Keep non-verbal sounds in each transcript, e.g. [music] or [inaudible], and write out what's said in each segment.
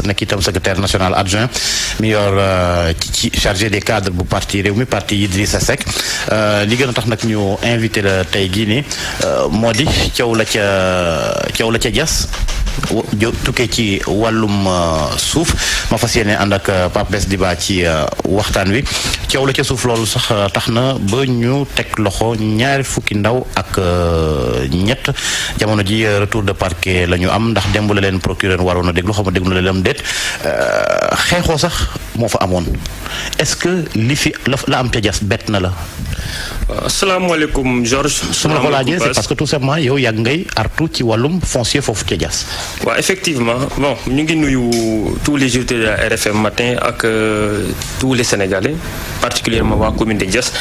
nekk itam secrétaire national adjoint mi yor euh, ci chargé de cadre bu parti réew mi parti a Seck euh, li gën a tax nag ñu invité la tey gii nii euh, moo di caw la ca caw la ca jas jë tukkee ci wàllum euh, suuf ma fas yéene ànd ak euh, Pape Bes Diba ci euh, waxtaan wi coow la ca suuf loolu sax tax na ba ñu teg loxo ñaari fukki ndaw ak ñett jamono ji retour de parquet la ñu am ndax démb la leen procureur waroon a déglu xaw ma déglu la leen déet xeexoo sax moo fa amoon est-ce que li fi la am ca jas bett na la. asalaamaaleykum Georges. su ma la ko laajee parce que tout simplement yow yàgg ngay artu ci wàllum foncier foofu ca jas waaw effectivement bon ñu ngi nuyu tous les jours de la RFM matin ak euh, tous les Sénégalais particulièrement waa commune de Diass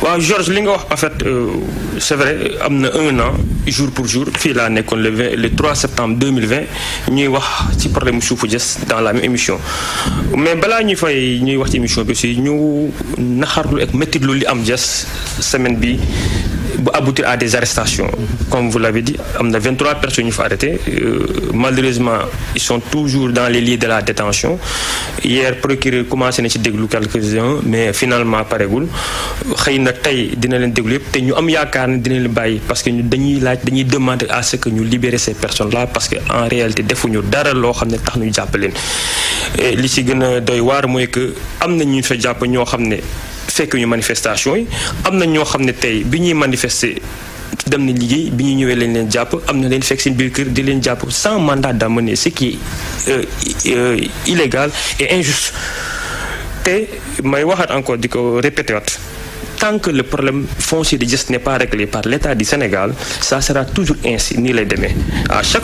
waaw Georges li nga wax en fait euh, c'est vrai am na un an jour pour jour fii laa nekkoon le le 3 septembre 2020 ñuy wax ci problème suufu Diass dans la même émission mais balaa ñuy fay ñuy wax ci émission bi aussi ñu naxarlu ak métti lu li am Diass semaine bi bu aboutir à des arrestations comme vous l'avez dit am na 23 personnes ñu fa arrêté euh, malheureusement ils sont toujours dans les lieux de la détention hier procureur commencé na ci déglu quelques-uns mais finalement paregul xëy na tey dina leen déglu yëpp te ñu am yaakaar ne dina leen bàyyi parce que ñu dañuy laaj dañuy demander à ce que ñu libérer ces personnes là parce que en réalité defuñu dara loo xam ne tax ñu jàpp leen li ci gën a doy waar mooy que am na ñu fa jàpp ñoo xam ne fekk manifestation yi am na ñoo xam ne tey bi ñuy manifester dem na liggéey bi ñu ñëwee lañ leen jàpp am na leen fekk seen biir kër di leen jàpp sans mandat d'amener ce qui est euh, euh, illégal et injuste te may waxaat encore di ko répété tant que le problème foncier de Diass n'est pas réglé par l'État du Sénégal chaque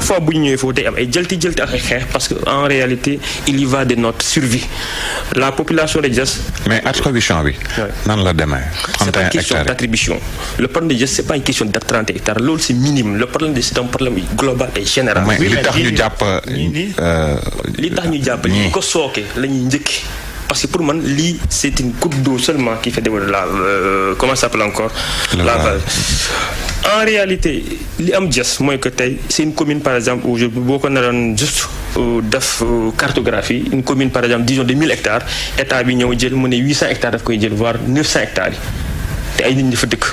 fois bu ñu ñëwee foofu day am ay jëlti jëlti ak ay xeex parce que en réalité il y va de notre survie la population de Diass. mais attribution bi. nan la demee. c'est pas une question d'attribution le problème de Diass c'est pas une question de 30 loolu c'est minime le problème de c'est un problème global et général. Euh, li tax ñu jàpp. li ko sooke la ñuy njëkk. parce que pour man lii c' est une goutte d'eau seulement qui fait déborder la euh, comment encore. la vase en réalité li am Diass mooy que tey c' est une commune par exemple aujourd'hui boo ko naroon juste euh, def euh, cartographie une commune par exemple disons de 1000 hectares état bi ñëw jël mu ne 800 hectares daf koy jël voire 900 hectares yi. te ay nit ñi fa dëkk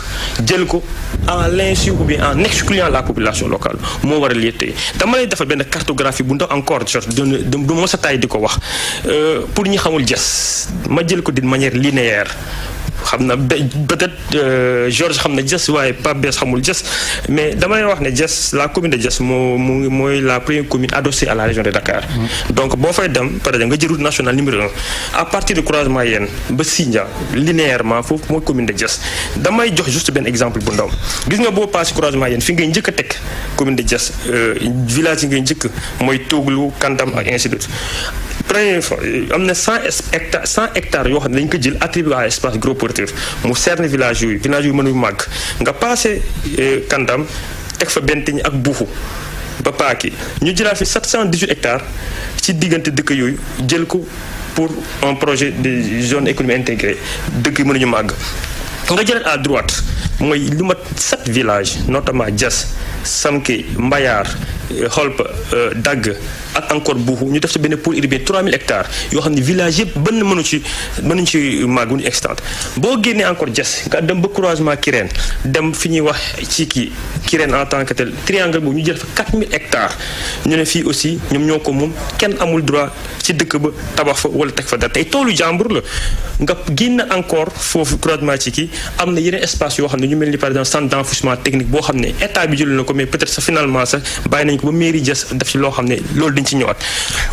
jël ko en l'insu ou bi en excluant la population locale moo war a lii tey dama lay defal benn cartographie bu ndaw encore jot du ma sa taay di ko wax euh, pour ñi xamul jas ma jël ko di manière linéaire xam na peut-être euh, Georges xam na Diass waaye Pape Bess xamul Diass mais damay wax ne Diass la commune de Diass moo mooy la première commune adossée à la région de Dakar. Mm. donc boo fay dem par exemple nga jël route nationale à partir de croisement yéen ba Sindia linéairement foofu mooy commune de Diass damay jox juste benn exemple bu ndaw gis nga boo passé croisement yéen fi ngay njëkk a teg commune de Diass euh, village yi ngay njëkk mooy Toglou Kantam ak ainsi première euh, am na cent hectares cent hectares yoo xam ne dañ ko jël attribué à espace gros porteur mu cerner village yooyu village yu mënuñu màgg nga passé euh, Kantam teg fa benn tiñ ak buuxu ba paaki ñu jëlaat fi 718 hectares ci diggante dëkk yooyu jël ko pour un projet de zone économie intégrée dëkk yi mënuñu màgg nga jëlaat à droite mooy lu mat sept villages notamment Diass Samke Mbayar xolpa euh, dagg ak encore buuxu ñu def ci benn pôle urbain 3000 hectares yoo xam ne village yëpp benn mënu ci mënuñ ci màgg ñu extant boo génnee encore jas nga dem ba croisement Kirène dem fi ñuy wax ci kii Kirène en tant que tel triangle boobu ñu jël fa 4000 ñu ne fii aussi ñoom ñoo ko moom kenn amul droit ci dëkk ba tabax fa wala teg fa dara tey toolu jàmbur foofu croisement ci am na yeneen espace yoo xam ne ñu mel ni par exemple centre d'enfouissement technique boo xam ne état bi jël na ko mais peut-être finalement sax bàyyi nañ ko ba mairie Diass def ci loo xam ne loolu dañ ci ñëwaat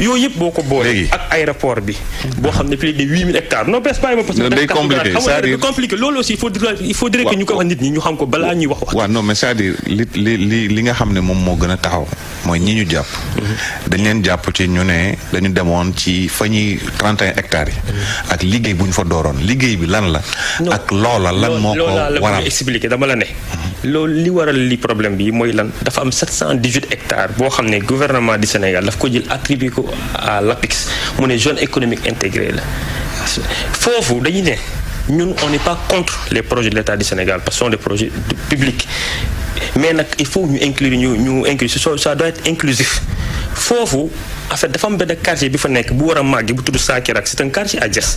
yooyu yëpp boo ko boole ak aéroport bi boo xam ne plus de huit mille hectares non bes bàyyi ma parce que day compliqué c'est-à-dire compliqué loolu ñu ko wax nit ñi ñu xam ko balaa ñuy wax wax waaw non mais li li nga xam ne moom moo gën a taxaw mooy ñi ñu jàpp mhm. dañ leen jàpp ci ñu ne dañu demoon ci fa ñuy trente et hectares yi mhm. ak liggéey bu ñu fa dooroon liggéey bi lan la ak loola lan moo ko waral expliqué dama la ne loolu li waral li problème bi mooy lan dafa am 718 hectares boo xam ne gouvernement du Sénégal daf ko jël attribué ko à l'APIX mu ne zone économique intégrée la foofu dañu ne ñun on n'est pas contre les projet de l'État du Sénégal parce que ce sont des projets publics mais nag il faut ñu inclure ñu ñu inclure ça doit être foofu en fait dafa am benn quartier bi fa nekk bu war a màgg bu tudd Sakirak c'est un quartier à Diass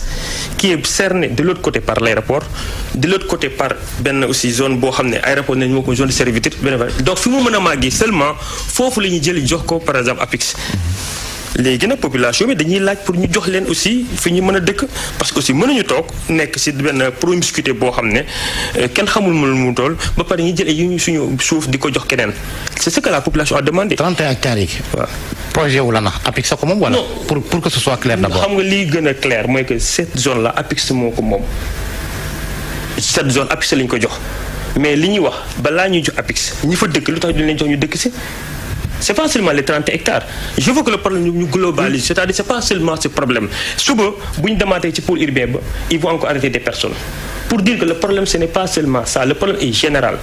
qui est cerné de l'autre côté par l'aéroport de l'autre côté par benn aussi zone boo xam ne aéroport nañu moo ko zone servité servitude benn donc fi mu mën a màggee seulement foofu la ñuy jëli jox ko par exemple APIX léegi nag population bi dañuy laaj pour ñu jox leen aussi fi ñu mën a dëkk parce que aussi nañu toog nekk ci benn promiscuité boo xam ne euh, kenn xamul mu mu tool ba pare ñu jël ay yu suñu suuf di ko jox keneen c'est ce que la population a demandé. 31 hectares yi. waaw la nax APIX sa ko moom wala. pour pour que ce soit clair d'abord. xam nga lii gën a mooy que cette zone là APIX moo ko moom set zone APIX lañ ko jox mais li ñuy wax balaa ñuy jox APIX ñi fa dëkk lu tax duñ leen ñu dëkk ci. c'est pas seulement les 30 hectares je veux que le problème ñu globalise c'est-à-dire c'est pas ce problème suba bu ñu demaatee ci pôle urbain ba ils encore arrêter des personnes pour dire que le problème ce n'est pas seulement ça le problème est général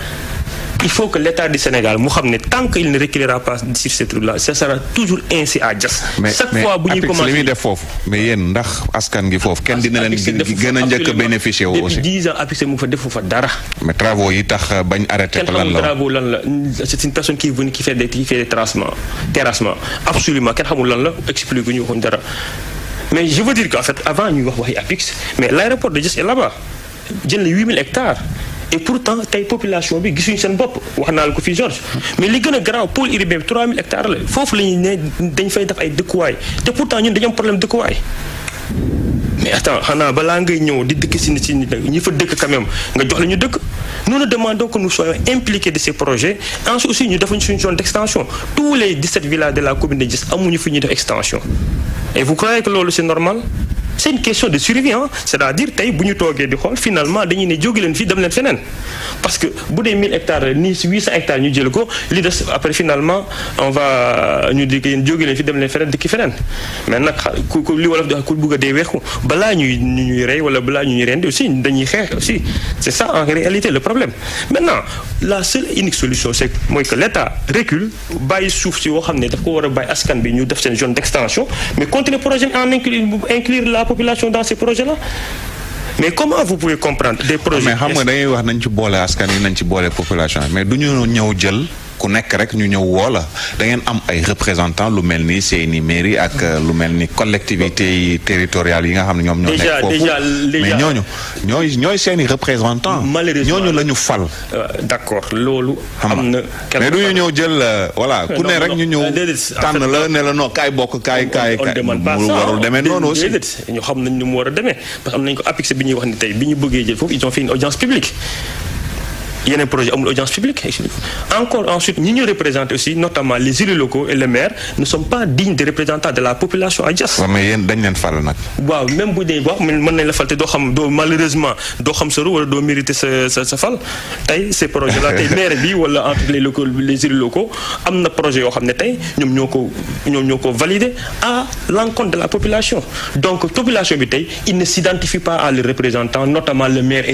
il faut que l'État du Sénégal moo xam ne tant qu'il ne reculera pas sur ce truc là ce sera toujours ainsi à Diass. chaque fois bu ñuy commencé mais mais foofu mais yéen ndax askan gi foofu. kenn dina leen gën a njëkk a bénéficié dix ans lan lan la c'est une personne qui est venue qui fait des qui absolument kenn xamul lan la explique ñu waxuñ dara mais je veux dire qu'en avant ñuy wax waxi APIX mais l'aéroport de Diass est là-bas jël na huit mille hectares. et pourtant tey population bi gisuñu seen bopp wax naa la ko fii Georges mais li gën a garaaw pôle urbain bi 3000 hectares la foofu la ñuy ne dañ fay def ay dëkkuwaay te pourtant ñun dañu am problème dëkkuwaay. mais attends xanaa balaa ngay ñëw di dëkk si si ñi fa dëkk quand nga jox la ñu dëkk nous nous demandons que nous soyons impliqués de ces projets ensuite aussi ñu defuñu suñu zone d' extension tous les 17 villages de la commune de Diass amuñu fi ñuy def extension et vous croyez que loolu c' est normal. c'est une question de survie ah c'est-à-dire tey bu ñu toogee di xool finalement dañuy ne jóge leen fii dem leen feneen parce que bu dee 1000 hectares nii 800 hectares ñu jël ko li des après finalement on va ñu di yéen jóge leen fii dem leen feneen dikki feneen mais nag li wolof di wax ku bugg a dee weexu balaa ñuy ñu ñuy rey wala balaa ñu ñuy rendi aussi dañuy xeex aussi c'est ça en réalité le problème maintenant la seule et unique solution c'est mooy que l'État recule bàyyi suuf si yoo xam ne daf ko war a bàyyi askan bi ñu def seen zone d'extension mais population dans ces projets-là mais comment vous pouvez comprendre des projets mais xam nga dañuy wax nañ ci boole askan yi nañ ci boole population mais du ñu ñëw jël ku nekk rek ñu ñëw woo la da ngeen am ay représentant lu mel ni seeni mairie ak euh, lu mel ni collectivité yi territoriales yi nga xam ne ñoom ñoo nekk foofu mais ñooñu ñooy ñooy seeni représentant ñooñu la ñu fal euh, d'accord loolu am na mais du ñu ñëw jël euh, voilà ku ne rek ñu ñëw tànn la ne la non kaay bokk kaay kaay kaay mu warul demee noonu aussi ñu xam nañ ni mu war a parce que am nañ ko apix bi ñuy wax ni tey bi ñu bëggee jël foofu ils ont fait une audience publique yeneen projet amul audience publique encore ensuite ñi ñu représenté aussi notamment les élus locaux et les maires ne sont pas dignes de représentants de la population à Diass. waaw mais yéen dañ leen fal nag. waaw même bu dee wax mën nañ fal te doo xam doo malheureusement doo xam sa ru wala doo mérité sa fal tey ces projets là tey [laughs] maire bi wala entre les locaux locaux am na projet yoo xam ne tey ñoom ñoo ko ñoom ñoo ko validé à l'encontre de la population donc population bi tey il ne s'identifie pas à les représentants notamment le maire et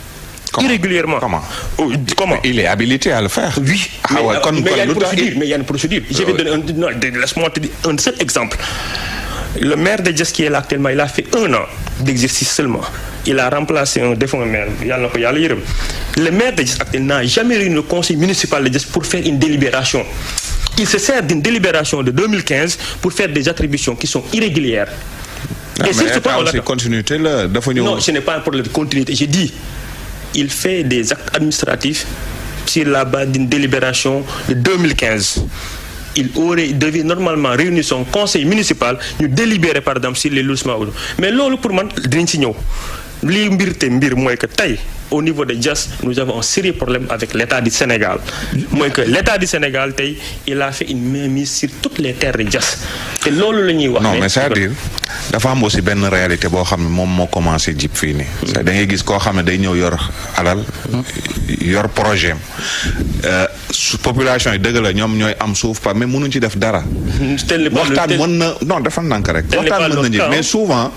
Comment? irrégulièrement. Comment? Oh, comment il est habilité à le faire. oui ah mais, ouais, euh, mais il y a une procédure euh, un seul exemple. le maire de Diass qui est là actuellement il a fait un an d'exercice seulement il a remplacé un défunt maire yàlla na le maire de Diass actuellement n'a jamais réuni le conseil municipal de Diass pour faire une délibération il se sert d'une délibération de pour faire des attributions qui sont irrégulières. Non, et mais c'est continuité continuité j'ai dit. il fait des actes administratifs sur la base d'une délibération de 2015 il aurait devait normalement réunir son conseil municipal ñu délibérer par exemple sur les lotissements mais loolu pour man dinañ ci ñëw lii mbir te mbir mooy que tey au niveau de Diass nous avons un sérieux problème avec l'État du Sénégal mooy que l'État du Sénégal tey il a fait une mainmise sur toutes les terres de Diass te loolu la ñuy wax. non mais c'est-à-dire dafa am aussi benn réalité boo xam ne moom moo commencé jib fii nii. Hmm. da ngay gis koo xam ne day ñëw yor alal. Hmm. yor projet am euh, su population yi dëgg ñoom ñooy am suuf par mais mënuñ ci def dara. Hmm, waxtaan mën na non dafa nànk rek. waxtaan mën na njëkk mais souvent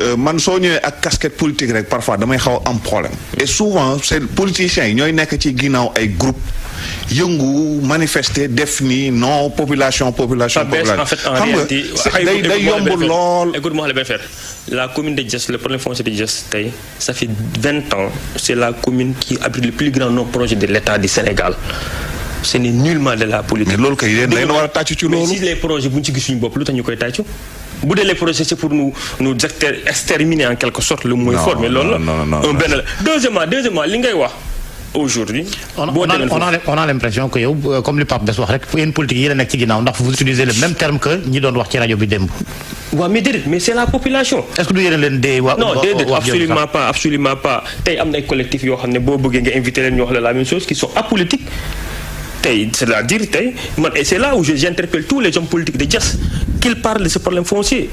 euh, man soo ñëwee ak casquette politique rek parfois damay xaw am problème. et souvent c'est politiciens yi ñooy nekk ci ginnaaw ay groupe yëngu manifester def mi non population population. population en fait en réalité ah, day day lool. la benn affaire la commune de Diass le problème foncier de Diass tey ça fait vingt ans c' la commune ki abrite le plus grand nombre de de l' État Sénégal. ce n'est nullement de la politique. loolu kay yéen dañu war a tàcc ci loolu. mais si les projets bu ñu ci gis suñu bopp lu tax ñu koy tàccu. bu dee les projets c'est pour nous nous exterminer en quelque sorte. le mooy fort loolu la. li ngay wax. aujourd'hui boo demee on a on a l'impression que yow euh, comme li Pape Bes wax rek yéen politique yi la nekk ci ginnaaw ndax vous utilisez le même terme que ñi doon wax ci rajo bi démb. waaw mais déedéet mais c'est la population. est-ce que du yéen leen dee. waa non déedéet absolument pas absolument pas tey am na ay collectifs yoo xam ne boo bëggee nga invité leen ñu wax la la même chose qui sont apolitiques. tey c'est-à-dire tey man et c'est là où j'interpelle tous les hommes politiques de Diass qu'ils parlent de ce problème foncier.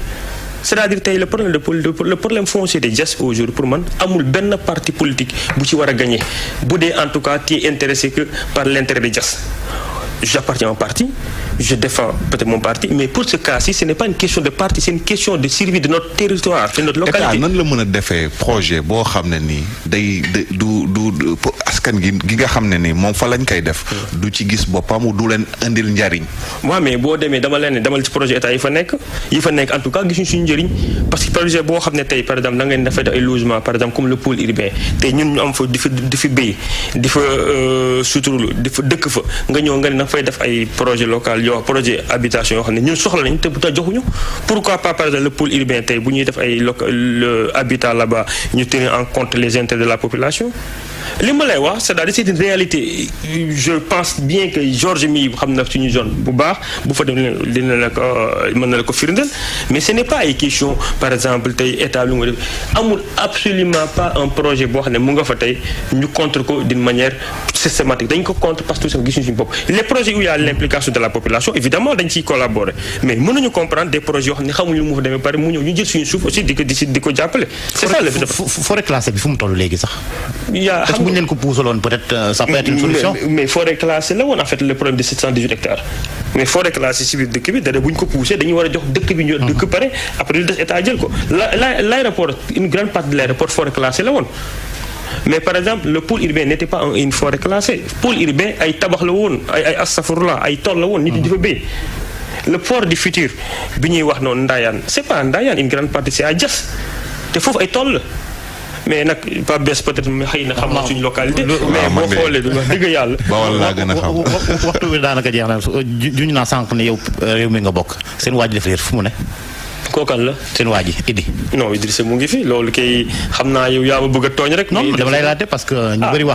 c'est-à-dire tey le problème de le problème foncier de Diass aujourd'hui pour man amul benn parti politique bu ci war a gagné bu dee en tout cas tu es intéressé que par l'intérêt de Diass j'appartiens au parti je défends peut-être mon parti mais pour ce cas-ci ce n'est pas une question de parti c'est une question de survie de notre territoire de notre localité nan la mën a defee projet boo xam ne nii day du du askan gi gi nga xam ne nii moom fa lañ koy def du ci gis boppam du leen indil njariñ waaw mais boo demee dama leen ne demal ci projet état yi fa nekk yi fa nekk en tout cas gisuñu suñu njëriñ parce que projet boo xam ne tey par exemple da ngeen dafay def ay logement par exemple comme le pôle urbain tey ñun ñu am fa di fa di fi béy di fa euh, suturlu di fa dëkk fa nga ñëw nga ne da fay def ay projet local yoo projet habitation yoo xam ne ñun soxla nañ te te la population li ma lay wax c'est-à-dire c'est une réalité je pense bien que Georges mi xam na suñu zone bu baax bu fa dem dina la ko na la ko firndeel mais ce n'est pas ay question par exemple tey état lu nga def amul absolument pas un projet boo xam ne mu nga fa tey ñu contre ko d'une manière systématique dañ ko contre parce que gisuñu suñu bopp les projets où il a l'implication de la population population évidemment dañ ciy collaborer mais mënuñu comprendre des projets yoo xam xamuñu lu mu fa demee pare mu ñëw ñu jël suñu suuf aussi di ko di ko jàppale. c'est ça bi fu mu toll léegi sax. yaa xam bu ñu leen ko puusaloon peut-être euh, ça peut une solution. mais forêt classée la woon en fait le problème de 718 hectares. mais forêt classée si biir dëkk bi dara bu ñu ko poussé dañuy war a jox dëkk bi ñu. Mhm. dëkk pare après lu des état ko la mais par exemple le pôle urbain n'était pas une forêt classée pôle urbain ay tabax la woon ay ay astafurla ay tool la woon nit ñi di fa béy le port du futur bi ñuy wax noonu Ndayane c'est pas Ndayane une grande partie c'est à Diass te foofu ay tool la mais nag pas bees peut-être xëy na xam na ah, suñu localité. mais ah, boo xoolee wax dëgg yàlla. [laughs] bawal laa gën a xam waxtu bi daanaka jeex na juñ naa sànq ne yow euh, réew mi nga bokk seen waaj def réer fu mu ne. kookan la seen waa ji Idi. non Idrissa mu ngi fi loolu kay xam naa yaa ma bëgg a tooñ rek. non dama lay ah, a démarré [laughs] ma bëgg a tooñ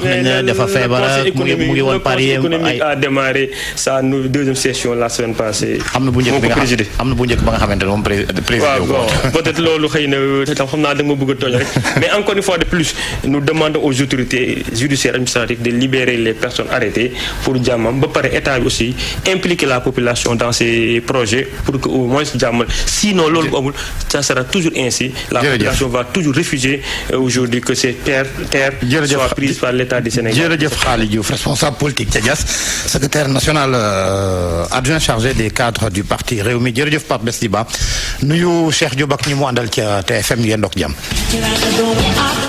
rek [laughs] mais encore une fois de plus nous demandons aux autorités judiciaires de libérer les personnes arrêtées pour jàmmam ba pare état bi aussi impliquer la population dans ces projets pour que au moins jàmmal sinon loolu. bu amul toujours ainsi. la population va toujours refuser euh, aujourd'hui que ces terres terres soient prises par l'État du Sénégal. jërëjëf Khaly Diouf responsable politique ca Diass secrétaire national euh, adjoint chargé des cadres du parti Rewmi jërëjëf Pape Besdi Ba nuyu Cheikh Diop ak ñi mu àndal ca TFM yéen doog jàmm.